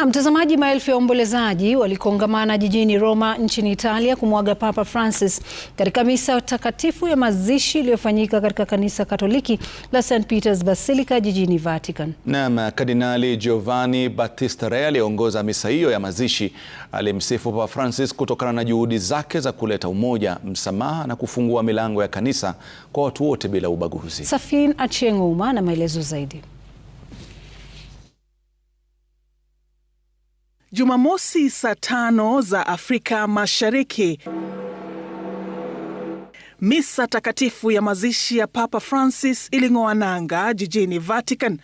Na mtazamaji, maelfu ya waombolezaji walikongamana jijini Roma nchini Italia kumwaga Papa Francis katika misa takatifu ya mazishi iliyofanyika katika kanisa Katoliki la St Peter's Basilica jijini Vatican. Naam, Kardinali Giovanni Battista Re aliyeongoza misa hiyo ya mazishi alimsifu Papa Francis kutokana na juhudi zake za kuleta umoja, msamaha na kufungua milango ya kanisa kwa watu wote bila ubaguzi. Safin Achieng' na maelezo zaidi. Jumamosi saa tano za Afrika Mashariki. Misa takatifu ya mazishi ya Papa Francis iling'oa nanga jijini Vatican.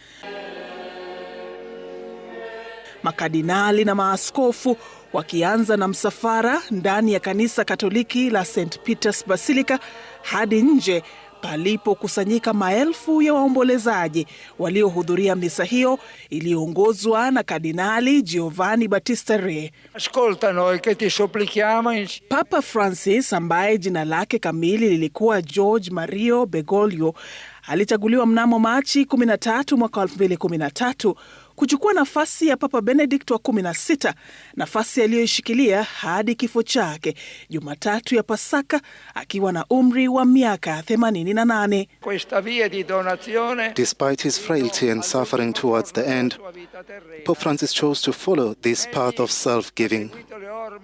Makardinali na maaskofu wakianza na msafara ndani ya kanisa Katoliki la St Peters Basilica hadi nje palipokusanyika maelfu ya waombolezaji waliohudhuria misa hiyo iliyoongozwa na Kardinali Giovanni Battista Re. Ascolta noi e che ti supplichiamo Papa Francis ambaye jina lake kamili lilikuwa George Mario Bergoglio alichaguliwa mnamo Machi 13 mwaka 2013 kuchukua nafasi ya Papa Benedikt wa 16, nafasi aliyoishikilia hadi kifo chake Jumatatu ya Pasaka akiwa na umri wa miaka 88. Despite his frailty and suffering towards the end, Pope Francis chose to follow this path of self-giving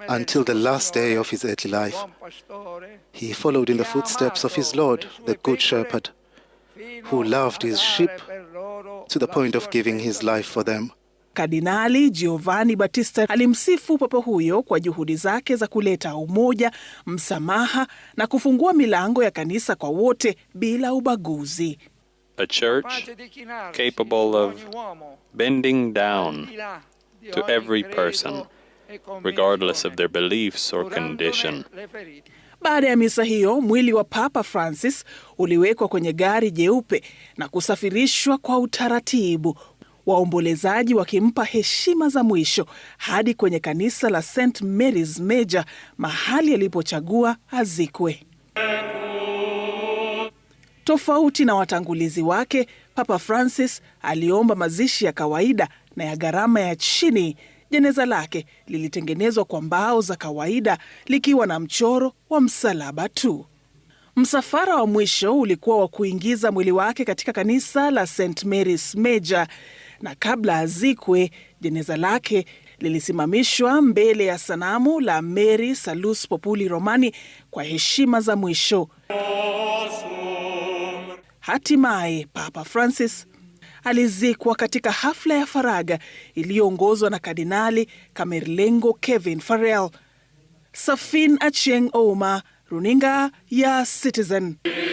until the last day of his earthly life. He followed in the footsteps of his Lord, the Good Shepherd, who loved his sheep to the point of giving his life for them. Kardinali Giovanni Battista alimsifu Papa huyo kwa juhudi zake za kuleta umoja, msamaha na kufungua milango ya kanisa kwa wote bila ubaguzi. A church capable of bending down to every person regardless of their beliefs or condition. Baada ya misa hiyo, mwili wa Papa Francis uliwekwa kwenye gari jeupe na kusafirishwa kwa utaratibu, waombolezaji wakimpa heshima za mwisho hadi kwenye kanisa la St Mary's Major, mahali alipochagua azikwe. Tofauti na watangulizi wake, Papa Francis aliomba mazishi ya kawaida na ya gharama ya chini Jeneza lake lilitengenezwa kwa mbao za kawaida likiwa na mchoro wa msalaba tu. Msafara wa mwisho ulikuwa wa kuingiza mwili wake katika kanisa la St Mary's Major, na kabla azikwe, jeneza lake lilisimamishwa mbele ya sanamu la Mary Salus Populi Romani kwa heshima za mwisho. Hatimaye Papa Francis alizikwa katika hafla ya faraga iliyoongozwa na Kardinali Kamerlengo Kevin Farrell. Safin Achieng' Ouma, runinga ya Citizen.